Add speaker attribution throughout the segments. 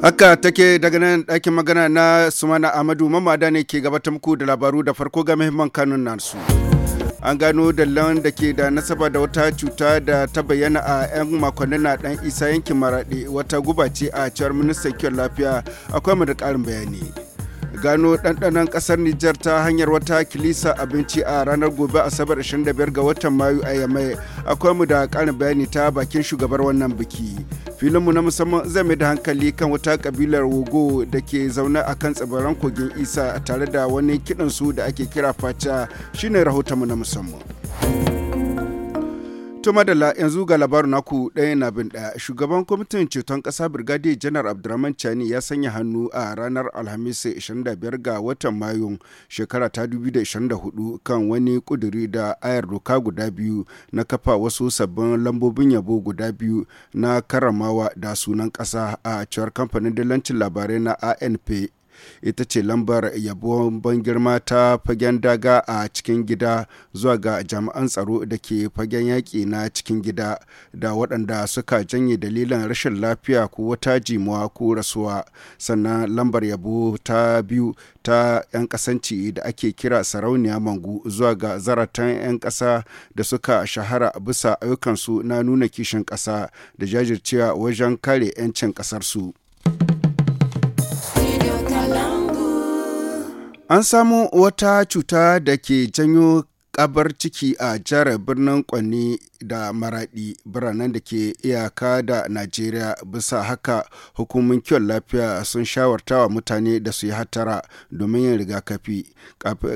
Speaker 1: Haka take daga nan ɗakin magana na Sumana Amadu mamada ne ke gabatar muku da labaru da farko ga muhimman kanun nasu. An gano dallon da ke da nasaba da wata cuta da ta bayyana a 'yan makonnin na ɗan isa yankin maraɗe wata guba ce a cewar ministan kiwon lafiya akwai mu da ƙarin bayani. Gano ɗanɗanon ƙasar Nijar ta hanyar wata kilisa abinci a ranar gobe Asabar 25 ga watan Mayu a Yamai akwai mu da ƙarin bayani ta bakin shugabar wannan biki. filinmu na musamman zai mai da hankali kan wata kabilar wogo da ke zaune a kan tsibiran kogin isa tare da wani kiɗansu da ake kira faca shine rahotonmu na musamman To madalla yanzu ga labarin naku ɗaya na bin ɗaya shugaban kwamitin ceton ƙasa Brigadier janar Abdurrahman Chani ya sanya hannu a ranar Alhamis 25 ga watan Mayu shekara ta 2024 kan wani ƙuduri da ayar doka guda biyu na kafa wasu sabbin lambobin yabo guda biyu na karamawa da sunan ƙasa a cewar kamfanin dillancin labarai na ANP ita ce lambar yabon ban girma ta fagen daga a cikin gida zuwa ga jami'an tsaro da ke fagen yaƙi na cikin gida da waɗanda suka janye dalilan rashin lafiya ko wata jimuwa ko rasuwa sannan lambar yabo ta biyu ta 'yan kasanci da ake kira sarauniya mangu zuwa ga zaratan 'yan ƙasa da suka shahara bisa ayyukansu na nuna kishin ƙasa da jajircewa wajen kare 'yancin ƙasarsu. An samu wata cuta da ke janyo ƙabar ciki a jihar birnin Kwanni da Maraɗi, biranen da ke iyaka da Najeriya bisa haka hukumin kiwon lafiya sun shawarta wa mutane da su yi hatara domin yin rigakafi.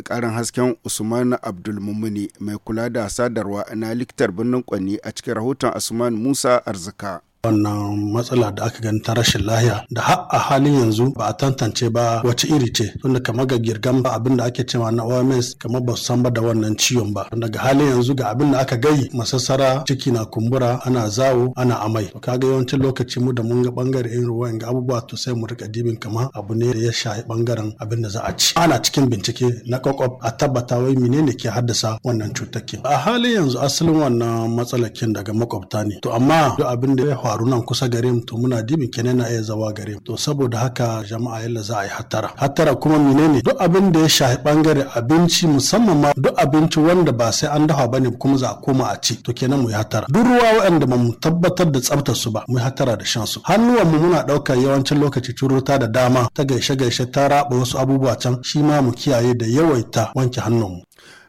Speaker 1: Karin hasken Usman abdulmumini mai kula da sadarwa na likitar birnin Kwanni a cikin rahoton Usman Musa Arzika.
Speaker 2: wannan matsala da aka gani ta rashin lahiya da har a halin yanzu ba a tantance ba wace iri ce tunda kamar ga girgan ba abin da ake cewa na OMS kamar ba san ba da wannan ciwon ba daga halin yanzu ga abin da aka gayi masassara ciki na kumbura ana zawo ana amai to kaga yawancin lokaci mu da mun ga bangare irin ruwan ga abubuwa to sai mu rika dibin kama, abu ne da ya shafi bangaren abin da za a ci ana cikin bincike na kwakwab a tabbata wai menene ke haddasa wannan cutakin a halin yanzu asalin wannan matsalakin daga makwabta ne to amma duk abin da ya faru kusa gare mu to muna dibin kene na iya zawa gare mu to saboda haka jama'a yalla za a yi hattara hattara kuma menene duk abin da ya shafi bangare abinci musamman ma duk abinci wanda ba sai an dafa bane kuma za a koma a ci to kenan mu yi hattara duk ruwa waɗanda ba mu tabbatar da tsaftar su ba mu yi hattara da shan su hannuwan mu muna ɗaukar yawancin lokaci curuta da dama ta gaishe gaishe ta raba wasu abubuwa can shi ma mu kiyaye da yawaita wanke hannun mu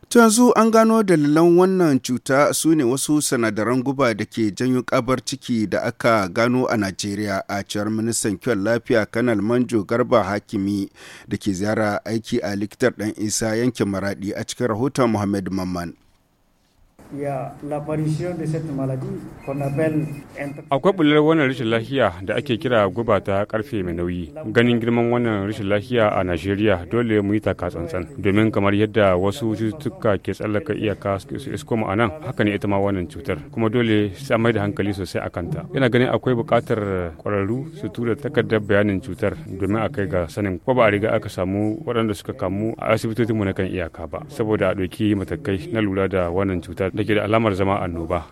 Speaker 2: To yanzu an
Speaker 1: gano dalilan wannan cuta su ne wasu sanadaran guba da ke janyo kabar ciki da aka gano a Najeriya a cewar ministan kiwon lafiya Kanal Manjo Garba Hakimi da ke ziyara aiki a likitar ɗan Isa yankin Maradi a cikin rahoton Muhammad Mamman.
Speaker 3: Akwai bular wannan rashin lafiya da ake kira guba ta karfe mai nauyi. Ganin girman wannan rashin lafiya a Najeriya dole mu yi taka tsantsan. Domin kamar yadda wasu cututtuka ke tsallaka iyaka su isko mu anan, haka ne ita ma wannan cutar. Kuma dole sai mai da hankali sosai a kanta. Ina ganin akwai bukatar kwararru su tura takardar bayanin cutar domin a kai ga sanin ko ba a riga aka samu waɗanda suka kamu a asibitocinmu na kan iyaka ba. Saboda a ɗauki matakai na lura da wannan cutar. da ke da alamar zama annoba.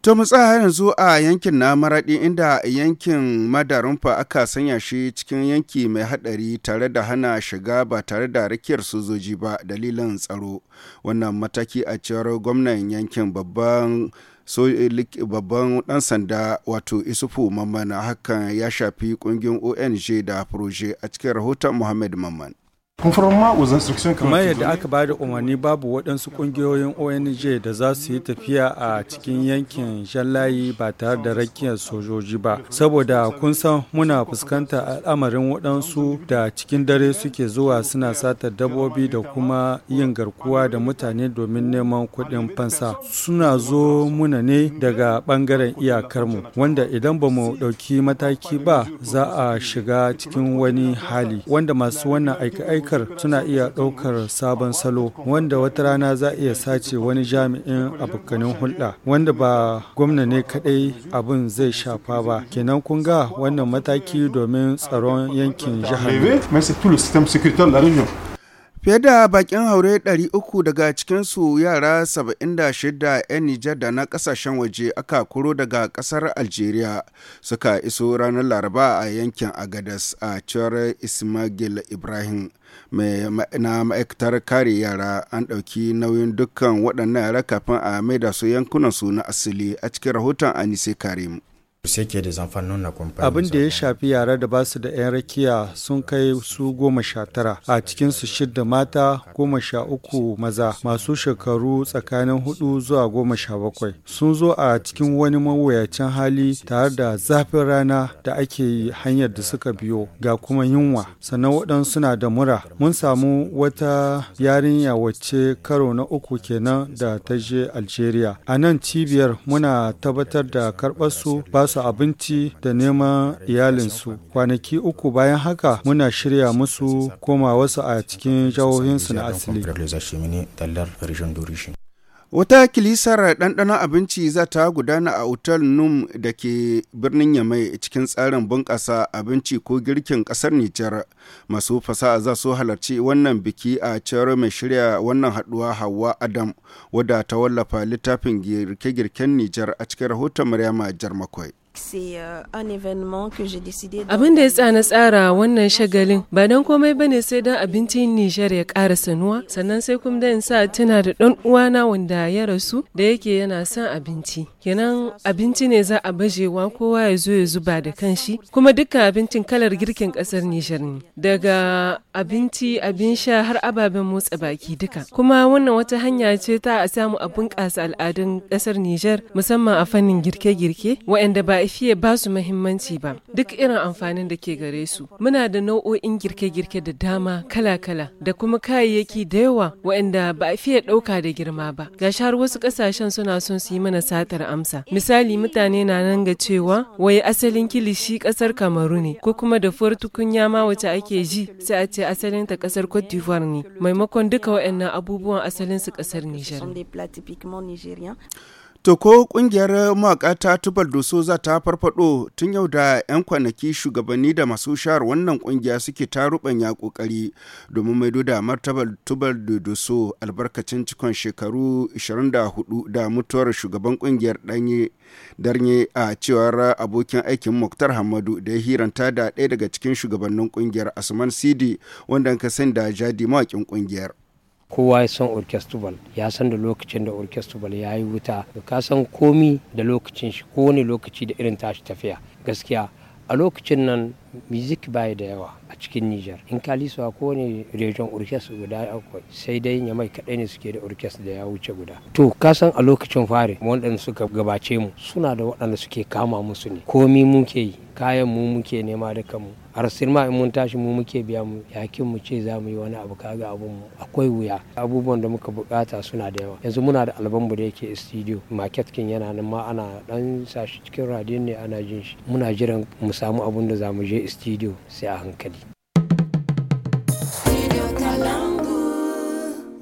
Speaker 1: To mu tsaya yanzu a yankin na maraɗi inda yankin madarunfa aka sanya shi cikin yanki mai haɗari tare da hana shiga ba tare da rikiyar sojoji ba dalilin tsaro. Wannan mataki a cewar gwamnan yankin babban so babban dan sanda wato isufu mamman hakan ya shafi kungiyar ong da proje a cikin rahoton muhammad mamman
Speaker 2: kamar
Speaker 1: yadda
Speaker 4: aka ba da umarni babu waɗansu ƙungiyoyin ong da za su yi tafiya a cikin yankin jallayi ba tare da rakiyar sojoji ba saboda kun san muna fuskanta al'amarin waɗansu da cikin dare suke zuwa suna sata dabbobi da kuma yin garkuwa da mutane domin neman kuɗin fansa suna zo muna ne daga ɓangaren iyakarmu wanda idan ba mu ɗauki mataki ba za a shiga cikin wani hali wanda masu wannan aika-aika Amurkar suna iya ɗaukar sabon salo wanda wata rana za a iya sace wani jami'in abokanin hulɗa wanda ba gwamna ne kaɗai abin zai shafa ba kenan kun ga wannan mataki domin tsaron yankin jihar
Speaker 1: Fiye da bakin haure 300 daga cikinsu yara 76 'yan Nijar da na kasashen waje aka kuro daga kasar Algeria suka iso ranar Laraba a yankin Agadas a cewar Ismail Ibrahim. mai na ma'aikatar kare yara an ɗauki nauyin dukkan waɗannan yara kafin a maida su yankunansu na asili a cikin rahoton Anise Karim. Abin da ya shafi
Speaker 4: yara da basu da 'yan rakiya sun kai su goma sha tara, a cikinsu shidda mata goma sha uku maza masu shekaru tsakanin hudu zuwa goma sha bakwai. Sun zo a cikin wani mawuyacin hali tare da zafin rana da ake yi hanyar da suka biyo ga kuma yunwa, sannan waɗansu suna da mura. Mun samu wata yarinya wacce karo na uku kenan da ta je Algeria. A nan cibiyar muna tabbatar da karɓar su ba musu abinci da neman iyalinsu kwanaki uku bayan haka muna shirya musu koma wasu a cikin jihohinsu na
Speaker 2: asali
Speaker 1: Wata kilisar ɗanɗanon abinci za ta gudana a otal Num da ke birnin Yamai cikin tsarin bunƙasa abinci ko girkin ƙasar Nijar. Masu fasaha za su halarci wannan biki a cewar mai shirya wannan haɗuwa hawa Adam wadda ta wallafa littafin girke-girken Nijar a cikin rahoton Maryama Jarmakwai.
Speaker 5: Euh, abin da ya tsana tsara wannan shagalin ba don komai bane sai don abincin Nijar ya ƙara sanuwa sannan sai kuma da sa tuna da ɗan uwana wanda ya rasu da yake yana son abinci. Kenan abinci ne za a bajewa kowa ya zo ya zuba da kanshi kuma duka abincin kalar girkin ƙasar Nijar ne. Daga abinci abin sha har ababen motsa baki duka. Kuma wannan wata hanya ce ta a samu a bunƙasa al'adun ƙasar Nijar musamman a fannin girke-girke waɗanda ba a fiye ba su mahimmanci ba duk irin amfanin da ke gare su muna da nau'o'in girke-girke da dama kala-kala da kuma kayayyaki da yawa waɗanda ba a fiye ɗauka da girma ba ga har wasu ƙasashen suna son su yi mana satar amsa misali mutane na nan ga cewa wai asalin kilishi ƙasar kamaru ne ko kuma da fuwar tukunya ma wacce ake ji sai a ce asalin ta ƙasar cote d'ivoire ne maimakon duka waɗannan abubuwan asalin su ƙasar nigeria.
Speaker 1: To ko kungiyar mawaƙa ta tubar doso za ta farfado tun yau da 'yan kwanaki shugabanni da masu shahar wannan kungiya suke ta rubanya kokari domin maido da martabar tubar doso albarkacin cikon shekaru 24 da mutuwar shugaban kungiyar danye darnye a cewar abokin aikin Muktar Hamadu da ya hiranta da ɗaya daga cikin shugabannin kungiyar Asman Sidi wanda ka san da jadi mawakin kungiyar.
Speaker 5: kowa ya san orchestral ya san da lokacin da orchestral ya yi wuta ka san komi da lokacin shi kowane lokaci da irin tashi tafiya gaskiya a lokacin nan music baya da yawa a cikin niger in ka lisuwa kowane region orchestra guda akwai sai dai yamai kaɗai ne suke da orchestra da ya wuce guda to ka san a lokacin fari. waɗanda suka gabace mu suna da waɗanda suke kama musu ne komi muke yi kayan mu muke nema da kanmu arsin ma in mun tashi mu muke biya mu yakin mu ce za mu yi wani abu kaga abun mu akwai wuya abubuwan da muka bukata suna da yawa yanzu muna da albanmu da yake studio market kin yana nan ma ana dan sashi cikin radiyon ne ana jin shi muna jiran mu samu abun da za mu je studio sai a hankali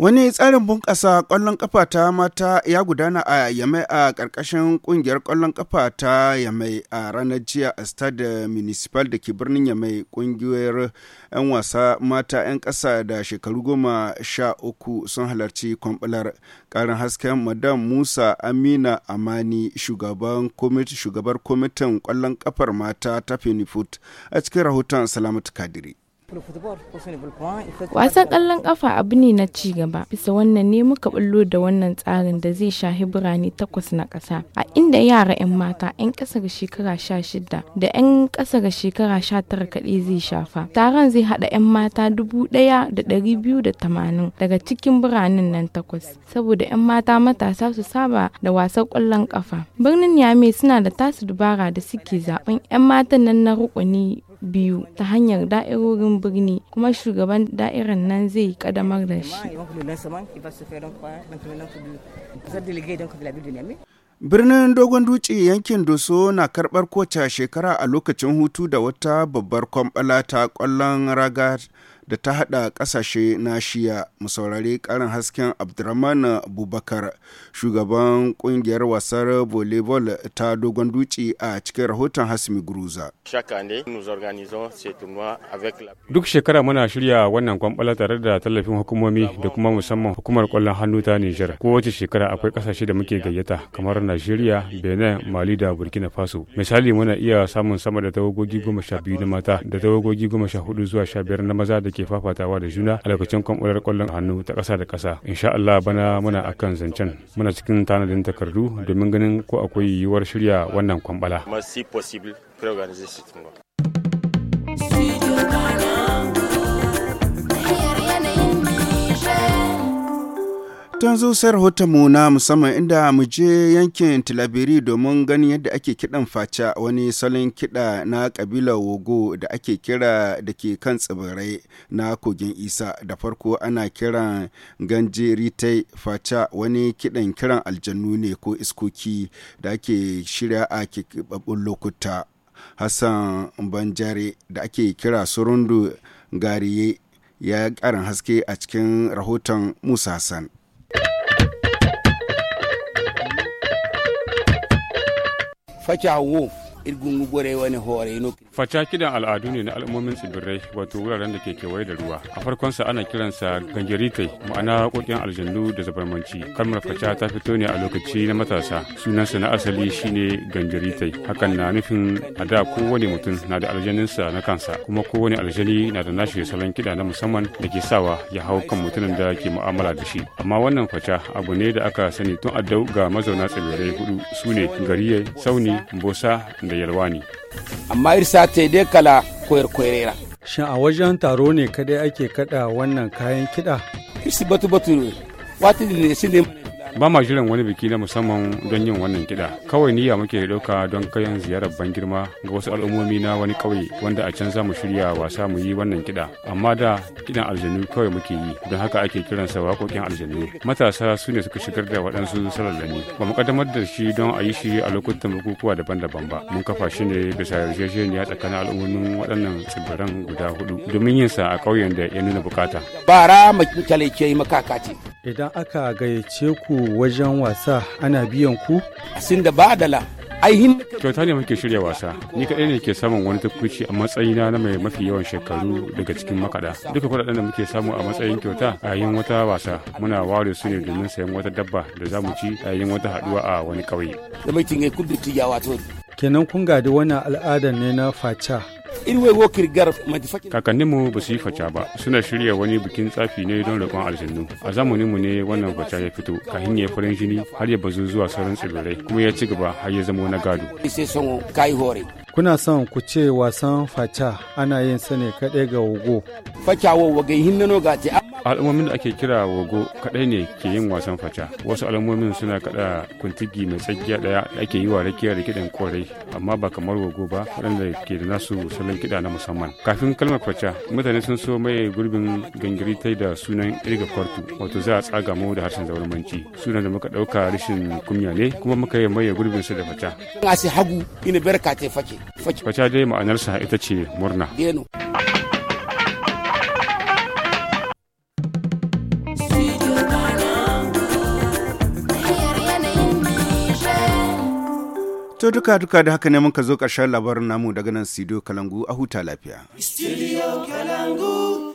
Speaker 1: Wani tsarin bunƙasa ƙwallon ƙafa ta mata ya gudana a Yamai a ƙarƙashin ƙungiyar ƙwallon ƙafa ta Yamai a ranar jiya a Stade Municipal da ke birnin Yamai ƙungiyar 'yan wasa mata 'yan ƙasa da shekaru goma sha uku sun halarci kwamɓalar ƙarin hasken Madam Musa Amina Amani shugaban shugabar kwamitin ƙwallon ƙafar mata ta Fenifut a cikin rahoton Salamatu Kadiri.
Speaker 5: Wasan ƙallon ƙafa abu ne na ci gaba. Bisa wannan ne muka bullo da wannan tsarin da zai shahi birane takwas na ƙasa. A inda yara 'yan mata 'yan ƙasa ga shekara shida da 'yan ƙasa ga shekara tara kaɗai zai shafa. Taron zai haɗa 'yan mata dubu ɗaya da ɗari biyu da tamanin daga cikin biranen nan takwas. Saboda 'yan mata matasa su saba da wasan kwallon ƙafa. Birnin Yame suna da tasu dubara da suke zaɓen 'yan matan nan na rukuni biyu ta hanyar da'irorin birni kuma shugaban da'irar nan zai kadamar da shi.
Speaker 1: Birnin Dogon Dutse yankin Doso na karɓar kowace shekara a lokacin hutu da wata babbar kwamɓala ta kwallon raga da ta hada kasashe na shiya mu saurari karin hasken abdurrahman abubakar shugaban kungiyar wasar volleyball ta dogon duci a cikin rahoton hasmi guruza duk shekara muna shirya wannan kwamfala tare da tallafin hukumomi
Speaker 3: da kuma musamman hukumar kwallon hannu ta nijar kowace shekara akwai kasashe da muke gayyata kamar najeriya benin mali da burkina faso misali muna iya samun sama da tawagogi goma sha biyu na mata da tawagogi goma sha hudu zuwa sha biyar na maza da ke ke fafatawa da juna a lokacin kwamfular kwallon hannu ta ƙasa da ƙasa insha Allah bana muna akan zancen muna cikin tanadin takardu domin ganin ko akwai yiwuwar shirya wannan kwambala.
Speaker 1: Tun zusar mu na musamman inda mu je yankin Tilabiri domin ganin yadda ake kiɗan faca wani salon kiɗa na ƙabilar Wogo da ake kira da ke kan tsibirai na kogin Isa da farko ana kiran ganje ritai faca wani kiɗan kiran aljannu ne ko iskoki da ake shirya a kikibabbun lokuta. Hassan Banjare da ake kira Surundu Gariye ya ƙarin haske a cikin rahoton Musa Hassan. 快加五。irgungu gore
Speaker 3: al'adu ne na al'ummomin tsibirai wato wuraren da ke kewaye da ruwa a farkon sa ana kiransa gangeritai ma'ana kokin aljannu da zabarmanci kalmar faca ta fito ne a lokaci na matasa sunansa na asali shine gangaritai hakan na nufin a da kowane mutum na da aljaninsa na kansa kuma kowane aljani na da nashi salon kiɗa na musamman da ke sawa ya hau kan mutumin da ke mu'amala da shi amma wannan faca abu ne da aka sani tun addau ga mazauna tsibirai hudu sune gariye sauni bosa da yalwa ne
Speaker 1: amma irsa yi
Speaker 3: dai kala koyar koyarera
Speaker 4: shin a wajen taro ne kadai ake kada wannan kayan kiɗa
Speaker 3: irsi batu batu wata shi ne ba ma jiran wani biki na musamman don yin wannan kiɗa kawai niyya muke ɗauka don kayan ziyarar ban girma ga wasu al'ummomi na wani ƙauye wanda a can za mu shirya wasa mu yi wannan kiɗa amma da kiɗan aljanu kawai muke yi don haka ake sa waƙoƙin aljanu matasa su ne suka shigar da waɗansu salallani ba mu kaddamar da shi don a yi shi a lokutan bukukuwa daban-daban ba mun kafa shi ne bisa yarjejeniya tsakanin al'ummomin waɗannan tsibiran guda hudu domin yin sa a ƙauyen da ya nuna bukata bara kyale ke yi
Speaker 4: Idan aka gayyace ku wajen wasa ana biyan ku?
Speaker 1: Sin da ba ainihin
Speaker 3: kyauta ne muke shirya wasa ni kaɗai ne ke samun wani tukuci a matsayina na mai mafi yawan shekaru daga cikin makaɗa duka kuɗaɗen da muke samu a matsayin kyauta a yayin wata wasa muna ware su ne domin sayan wata dabba da za mu ci a yayin wata haɗuwa a wani ƙauye
Speaker 4: kenan kun gadi wannan al'adar ne na faca
Speaker 3: kakanninmu ba su yi faca ba suna shirya wani bikin tsafi ne don roƙon aljannu a zamaninmu ne wannan faca ya fito ka ya farin jini har ya bazu zuwa sauran tsibirai kuma ya ci gaba har ya zamo na gado
Speaker 4: kuna son ku ce wasan faca ana yin sa ne kaɗai ga wogo.
Speaker 3: Faca wogo ga hinnano ga ce. Al'ummomin da ake kira wogo kaɗai ne ke yin wasan faca. Wasu al'ummomin suna kaɗa kuntigi mai tsakiya ɗaya da ake yi wa rakiya da kiɗan korai amma ba kamar wogo ba waɗanda ke da nasu salon kiɗa na musamman. Kafin kalmar faca mutane sun so mai gurbin tai da sunan irga kwartu wato za a tsaga mu da harshen zaurumanci sunan da muka ɗauka rashin kunya ne kuma muka yi gurbin su da faca. Ina hagu ina barka face. Kwacha dai ma'anarsa ita ce murna.
Speaker 1: To duka duka da haka ne muka zo ƙarshen labarin namu daga nan Sido Kalangu a huta lafiya.
Speaker 5: Studio Kalangu.